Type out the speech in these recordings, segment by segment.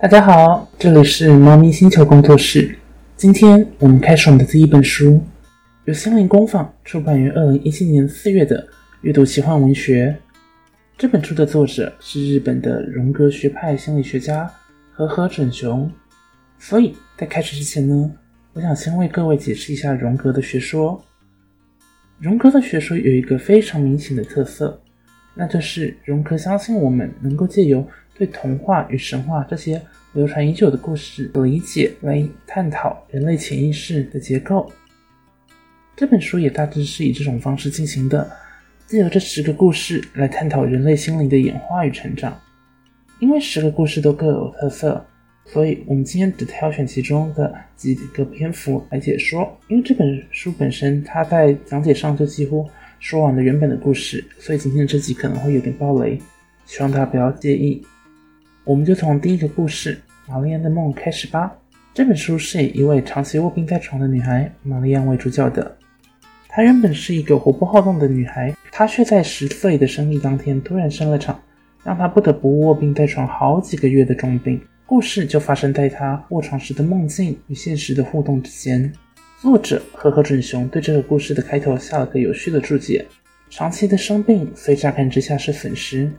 大家好，這裡是貓咪星球工作室。今天我們開始我們的第一本書，由心靈工坊出版於二零一七年四月的《閱讀奇幻文學》。這本書的作者是日本的榮格學派心理學家河合隼雄。所以在開始之前呢，我想先為各位解釋一下榮格的學說。榮格的學說有一個非常明顯的特色，那就是榮格相信我們能夠借由對童話與神話這些流傳已久的故事的理解，來探討人類潛意識的結構。這本書也大致是以這種方式進行的，借由這十個故事來探討人類心靈的演化與成長。因為十個故事都各有特色，所以我們今天只挑選其中的幾，幾個篇幅來解說。因為這本書本身，它在講解上就幾乎說完了原本的故事，所以今天的這集可能會有點爆雷，希望大家不要介意。我們就從第一個故事《瑪麗安的夢》開始吧。這本書是以一位長期臥病在床的女孩瑪麗安為主角的。她原本是一個活潑好動的女孩，她卻在十歲的生日當天突然生了場，讓她不得不臥病在床好幾個月的重病。故事就發生在她臥床時的夢境與現實的互動之間。作者河合隼雄對這個故事的開頭下了個有趣的注解：長期的生病，雖乍看之下是損失。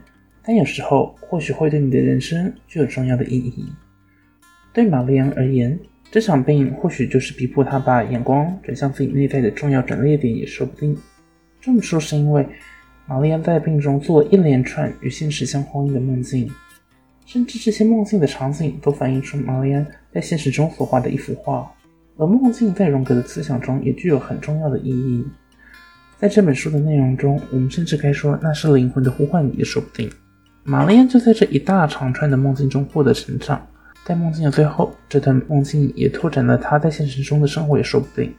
但有時候，或許會對你的人生具有重要的意義。對瑪麗安而言，這場病或許就是逼迫他把眼光轉向自己內在的重要轉捩點，也說不定。這麼說是因為，瑪麗安在病中做了一連串與現實相呼應的夢境，甚至這些夢境的場景都反映出瑪麗安在現實中所畫的一幅畫。而夢境在榮格的思想中也具有很重要的意義。在這本書的內容中，我們甚至該說那是靈魂的呼喚，也說不定。瑪麗安就在這一大長串的夢境中獲得成長，在夢境的最後，這段夢境也拓展了她在現實中的生活，也說不定。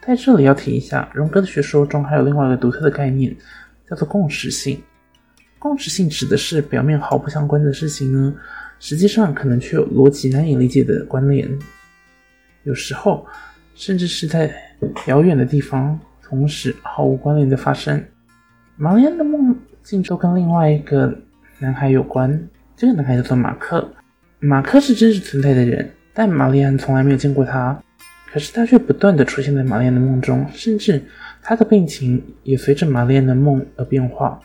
在這裡要提一下，榮格的學說中還有另外一個獨特的概念，叫做共時性。共時性指的是表面毫不相關的事情呢，實際上可能卻有邏輯難以理解的關聯。有時候，甚至是在遙遠的地方同時毫無關聯的發生。瑪麗安的夢境中跟另外一個。男孩有關，這個男孩叫做馬克，馬克是真實存在的人，但瑪麗安從來沒有見過他，可是他卻不斷的出現在瑪麗安的夢中，甚至他的病情也隨着瑪麗安的夢而變化。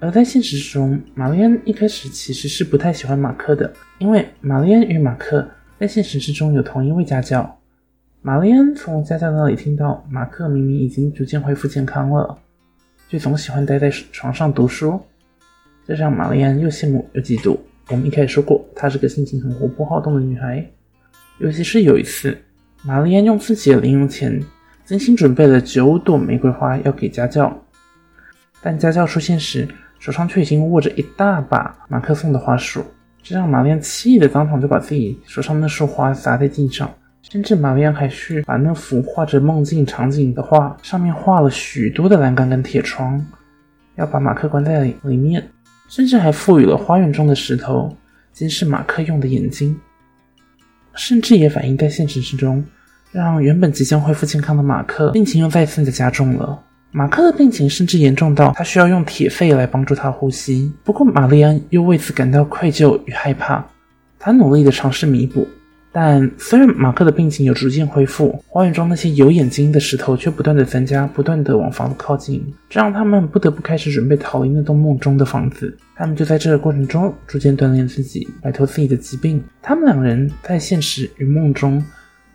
而在現實中，瑪麗安一開始其實是不太喜歡馬克的，因為瑪麗安與馬克在現實之中有同一位家教，瑪麗安從家教那裡聽到，馬克明明已經逐漸恢復健康了，卻總喜歡待在床上讀書。這讓瑪麗安又羨慕又嫉妒。我們一開始說過，她是個性情很活潑好動的女孩。尤其是有一次，瑪麗安用自己的零用錢精心準備了九朵玫瑰花要給家教，但家教出現時，手上卻已經握着一大把馬克送的花束，這讓瑪麗安氣得當場就把自己手上那束花砸在地上，甚至瑪麗安還去把那幅畫着夢境場景的畫，上面畫了許多的欄杆跟鐵窗，要把馬克關在裡面。甚至還賦予了花園中的石頭，監視馬克用的眼睛，甚至也反映在現實之中，讓原本即將恢復健康的馬克病情又再次的加重了。馬克的病情甚至嚴重到他需要用鐵肺來幫助他呼吸。不過瑪麗安又為此感到愧疚與害怕，她努力的嘗試彌補。但雖然馬克的病情有逐漸恢復，花園中那些有眼睛的石頭卻不斷地增加，不斷地往房子靠近，這讓他們不得不開始準備逃離那棟夢中的房子。他們就在這個過程中逐漸鍛鍊自己，擺脫自己的疾病。他們兩人在現實與夢中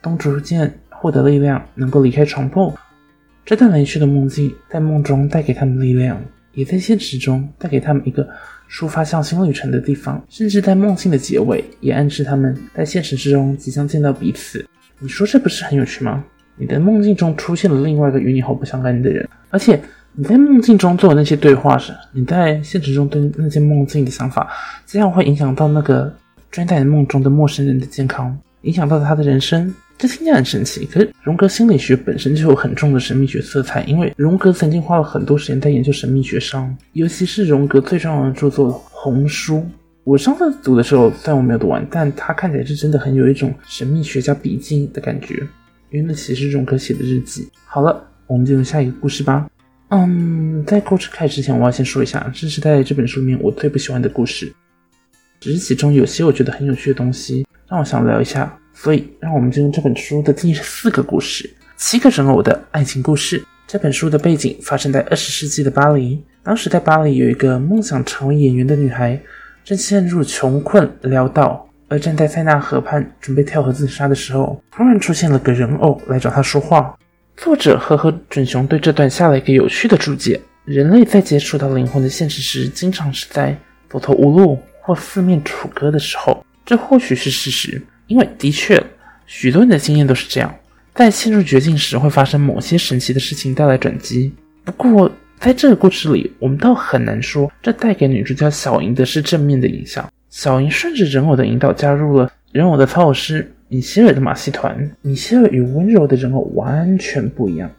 都逐漸獲得力量，能夠離開床鋪。這段連續的夢境在夢中帶給他們力量，也在現實中帶給他們一個。抒發向心旅程的地方，甚至在夢境的結尾，也暗示他們在現實之中即將見到彼此。你說這不是很有趣嗎？你的夢境中出現了另外一個與你毫不相干的人，而且你在夢境中做的那些對話時，你在現實中對那些夢境的想法，這樣會影響到那個住在夢中的陌生人的健康，影響到他的人生。這聽起來很神奇，可是榮格心理學本身就有很重的神秘學色彩，因為榮格曾經花了很多時間在研究神秘學上，尤其是榮格最重要的著作《紅書》。我上次讀的時候，雖然我沒有讀完，但它看起來是真的很有一種神秘學家筆記的感覺，因為那其實是榮格寫的日記。好了，我們進入下一個故事吧。嗯，在故事開始之前，我要先說一下，這是在這本書裡面我最不喜歡的故事，只是其中有些我覺得很有趣的東西，讓我想聊一下。所以，讓我們進入這本書的第四個故事《七個人偶的愛情故事》。這本書的背景發生在二十世紀的巴黎。當時，在巴黎有一個夢想成為演員的女孩，正陷入窮困潦倒，而站在塞納河畔準備跳河自殺的時候，突然出現了個人偶來找她說話。作者河合隼雄對這段下了一個有趣的注解：人類在接觸到靈魂的現實時，經常是在走投無路或四面楚歌的時候。這或許是事實。因為的確，許多人的經驗都是這樣，在陷入絕境時會發生某些神奇的事情，帶來轉機。不過，在這個故事裡，我們倒很難說這帶給女主角小瑩的是正面的影響。小瑩順着人偶的引導加入了人偶的操偶師米歇爾的馬戲團。米歇爾與溫柔的人偶完全不一樣，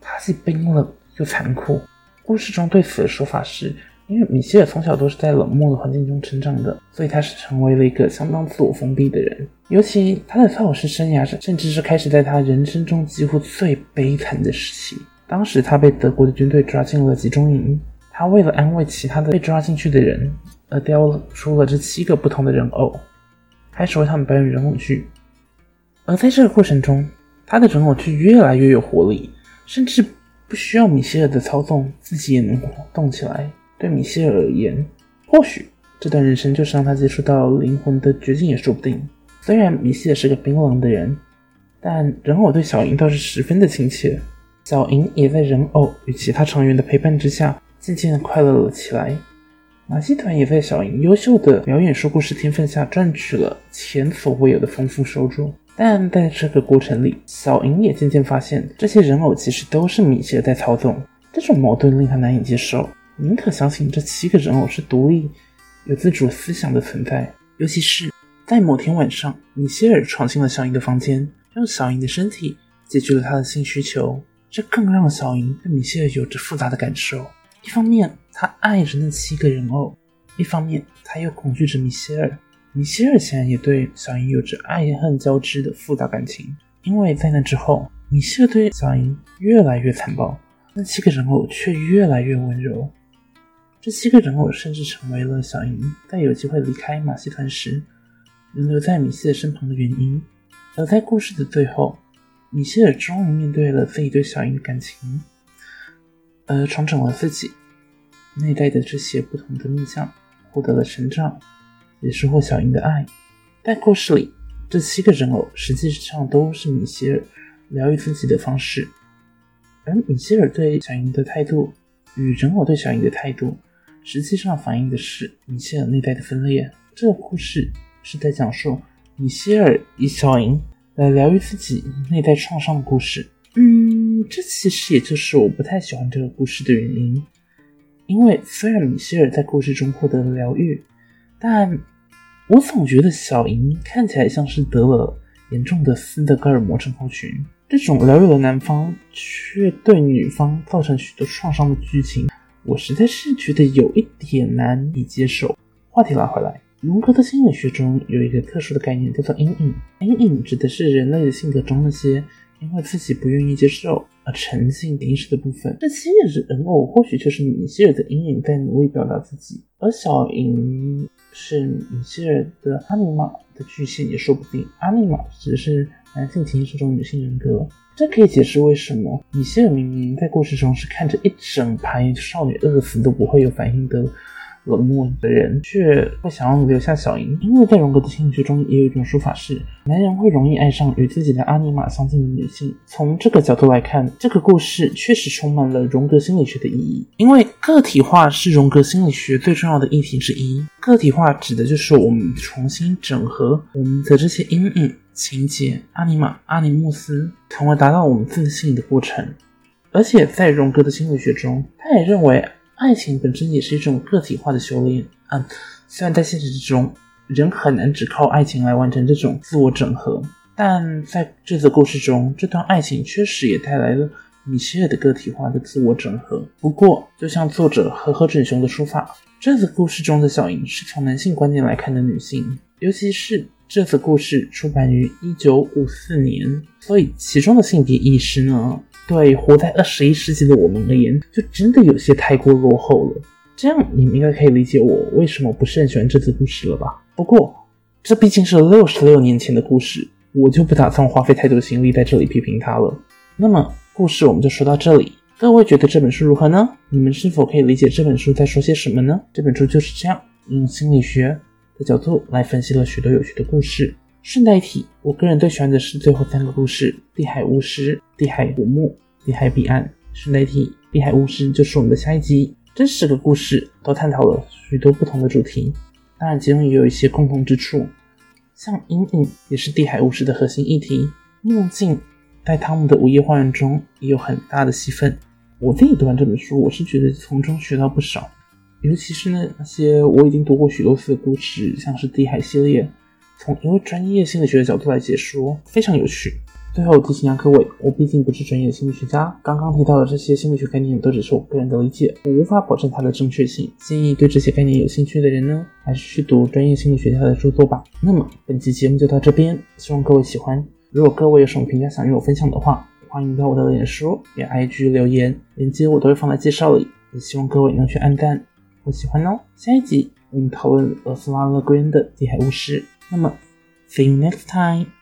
他既冰冷又殘酷。故事中對此的說法是，因為米歇爾從小都是在冷漠的環境中成長的，所以他是成為了一個相當自我封閉的人。尤其他的操偶師生涯是，甚至是開始在他人生中幾乎最悲慘的時期。當時他被德國的軍隊抓進了集中營，他為了安慰其他的被抓進去的人，而雕出了這七個不同的人偶，開始為他們表演人偶劇。而在這個過程中，他的人偶劇越來越有活力，甚至不需要米歇爾的操縱，自己也能活動起來。對米歇爾而言，或許這段人生就是讓他接觸到靈魂的絕境也說不定。雖然米歇爾是個冰冷的人，但人偶對小瑩倒是十分的親切。小瑩也在人偶與其他成員的陪伴之下，漸漸的快樂了起來。馬戲團也在小瑩優秀的表演說故事天分下，賺取了前所未有的豐富收入。但在這個過程裡，小瑩也漸漸發現，這些人偶其實都是米歇爾在操縱。這種矛盾令他難以接受。寧可相信這七個人偶是獨立、有自主思想的存在。尤其是在某天晚上，米歇爾闖進了小英的房間，用小英的身體解決了他的性需求，這更讓小英對米歇爾有着複雜的感受。一方面，他愛着那七個人偶；一方面，他又恐懼着米歇爾。米歇爾顯然也對小英有着愛恨交織的複雜感情。因為在那之後，米歇爾對小英越來越殘暴，那七個人偶卻越來越溫柔。這七個人偶甚至成為了小瑩在有機會離開馬戲團時，留在米歇爾身旁的原因。而在故事的最後，米歇爾終於面對了自己對小瑩的感情，而重整了自己內在的這些不同的面向，獲得了成長，也收穫小瑩的愛。在故事裡，這七個人偶實際上都是米歇爾療癒自己的方式，而米歇爾對小瑩的態度與人偶對小瑩的態度。實際上反映的是米歇爾內在的分裂。這個故事是在講述米歇爾以小瑩來療癒自己內在創傷的故事。嗯，這其實也就是我不太喜歡這個故事的原因。因為雖然米歇爾在故事中獲得了療癒，但我總覺得小瑩看起來像是得了嚴重的斯德哥爾摩症候群。這種療癒了男方卻對女方造成許多創傷的劇情。我實在是覺得有一點難以接受。話題拉回來，榮格的心理學中有一個特殊的概念，叫做陰影。陰影指的是人類的性格中那些因為自己不願意接受而沉靜、凝視的部分。這七葉人偶或許就是米歇爾的陰影在努力表達自己，而小銀是米歇爾的阿尼瑪的具現也說不定。阿尼瑪指的是。男性情是種女性人格，這可以解釋為什麼米歇爾明明在故事中是看着一整排少女餓死都不會有反應的冷漠的人，卻會想要留下小英。因為在榮格的心理學中，也有一種說法是，男人會容易愛上與自己的阿尼瑪相近的女性。從這個角度來看，這個故事確實充滿了榮格心理學的意義。因為個體化是榮格心理學最重要的議題之一，個體化指的就是我們重新整合我們的這些陰影。情節，阿尼瑪、阿尼姆斯，從而達到我們自信的過程。而且在榮格的心理學中，他也認為愛情本身也是一種個體化的修煉。嗯，雖然在現實之中，人很難只靠愛情來完成這種自我整合，但在這則故事中，這段愛情確實也帶來了米歇爾的個體化的自我整合。不過，就像作者河合隼雄的說法，這則故事中的小應是從男性觀點來看的女性。尤其是這則故事出版於一九五四年，所以其中的性別意識呢，對活在二十一世紀的我們而言，就真的有些太過落後了。這樣，你們應該可以理解我為什麼不是很喜歡這則故事了吧？不過，這畢竟是六十六年前的故事，我就不打算花費太多的心力在這裡批評、評它了。那麼，故事我們就說到這裡。各位覺得這本書如何呢？你們是否可以理解這本書在說些什麼呢？這本書就是這樣，用、嗯、心理學。的角度來分析了許多有趣的故事。順帶一提，我個人最喜歡的是最後三個故事：《地海巫師》、《地海古墓》、《地海彼岸》。順帶一提，《地海巫師》就是我們的下一集，這四個故事都探討了許多不同的主題。當然，其中也有一些共同之處，像陰影也是《地海巫師》的核心議題。夢境在湯姆的午夜花園中也有很大的戲份。我自己讀完這本書，我是覺得從中學到不少。尤其是那那些我已經讀過許多次的故事像是地海系列，從一位專業心理學的角度來解說，非常有趣。最後提醒一下各位，我畢竟不是專業的心理學家，剛剛提到的這些心理學概念都只是我個人的理解，我無法保證它的正確性。建議對這些概念有興趣的人呢，還是去讀專業心理學家的著作吧。那麼本期節目就到這邊，希望各位喜歡。如果各位有什麼評價想與我分享的話，歡迎到我的臉書、也 IG 留言，鏈接我都會放在介紹裡。也希望各位能去按讚。我喜歡哦！下一集我們討論娥蘇拉·勒瑰恩的《地海巫師》。那麼，see you next time。